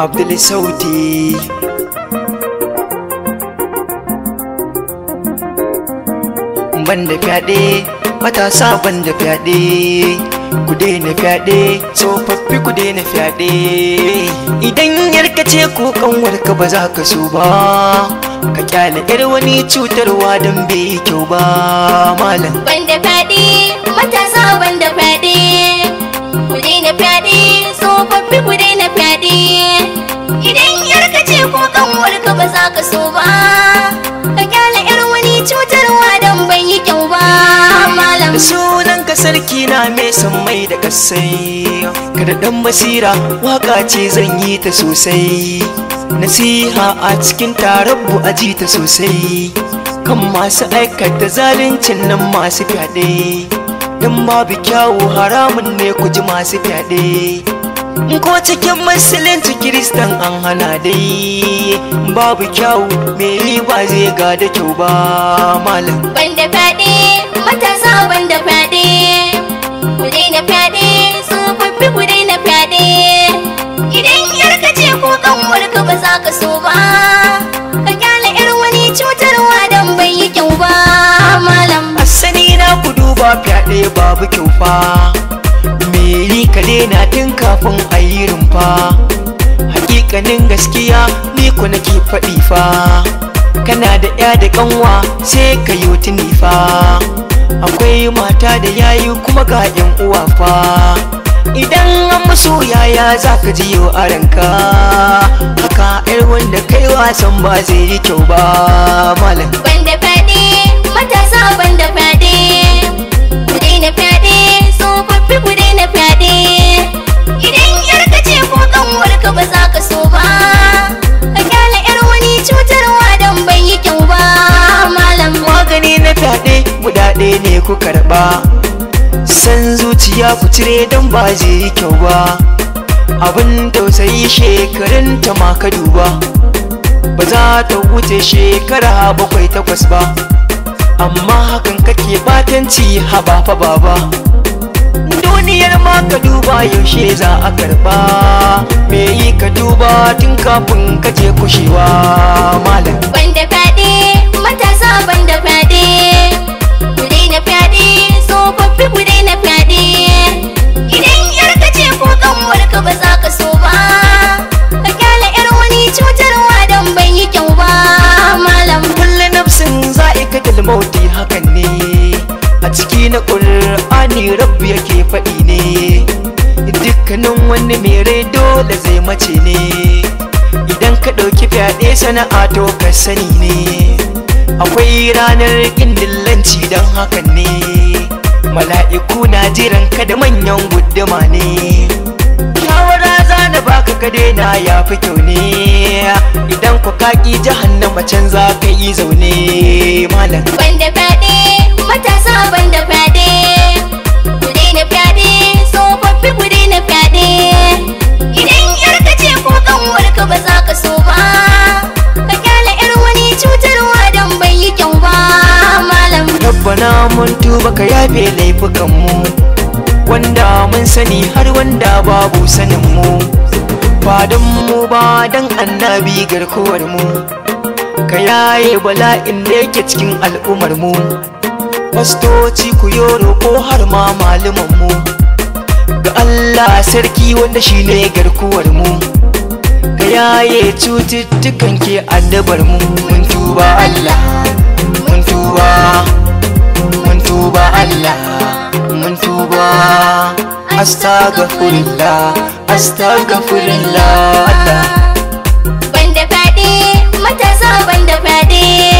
Abdul Sauti. Banda fyaɗe, matasa banda fyaɗe, ku daina fyaɗe, tsofaffi ku daina fyaɗe. Idan yarka ce ko ƙanwarka ba za ka so ba, ka kyale yar wani cutarwa don bai kyau ba malam. Banda fyaɗe, matasa banda sarki na mai san mai da kasai kada dan masira waka ce zan yi ta sosai nasiha a cikin tarabbu a ji ta sosai kan masu aikata zaluncin nan masu fyaɗe dan babu kyawu haramun ne ku ji masu fyaɗe ko cikin musulunci kiristan an hana dai babu me mai ba zai ga da kyau ba malam banda fade matasa banda fade na fyaɗe tsofaffi ku daina fyaɗe idan ka ce ko kanwarka ba za ka so ba ka gyara yar wani cutarwa don bai yi kyau ba malam asali na ku duba fyaɗe babu kyau fa meri ka daina tun kafin a yi rumfa hakikanin gaskiya ni ku nake faɗi fa kana da ya da ƙanwa, sai ka yi tuni fa akwai mata da yayi kuma ga yan uwa fa idan an musu yaya za ka ji yau a ranka haka yar wanda kai wasan ba zai yi kyau ba malam san zuciya ku cire don ba zai yi kyau ba abin tausayi shekarun ta ma ka duba ba za ta wuce shekara bakwai takwas ba amma hakan kake batanci haba fa baba duniyar ma ka duba yaushe za a karba me yi ka duba tun kafin ka je kushewa malam banda fade matasa banda fade rabbi yake faɗi ne dukkanin wani mai rai dole zai mace ne idan ka ɗauki fyaɗe sana'a to ka sani ne akwai ranar ƙindillanci don hakan ne mala'iku na jiran ka da manyan guduma ne shawara za na baka ka daina ya fi kyau ne idan ku kaki jahannama can za ka yi zaune malam banda fyaɗe matasa banda fyaɗe cutarwa dan bai yi kyau ba malam rabbana mun tuba ka yafe laifukan mu wanda mun sani har wanda babu sanin mu ba dan mu ba annabi garkuwar mu ka yaye bala'in da yake cikin al'ummar mu fastoci ku yoro ko har ma malaman mu ga Allah sarki wanda shine garkuwar mu yaye cututtukan ke addabar mu mun tuba Allah mun tuba mun tuba Allah mun tuba astaghfirullah astaghfirullah Allah banda fadi zo banda fadi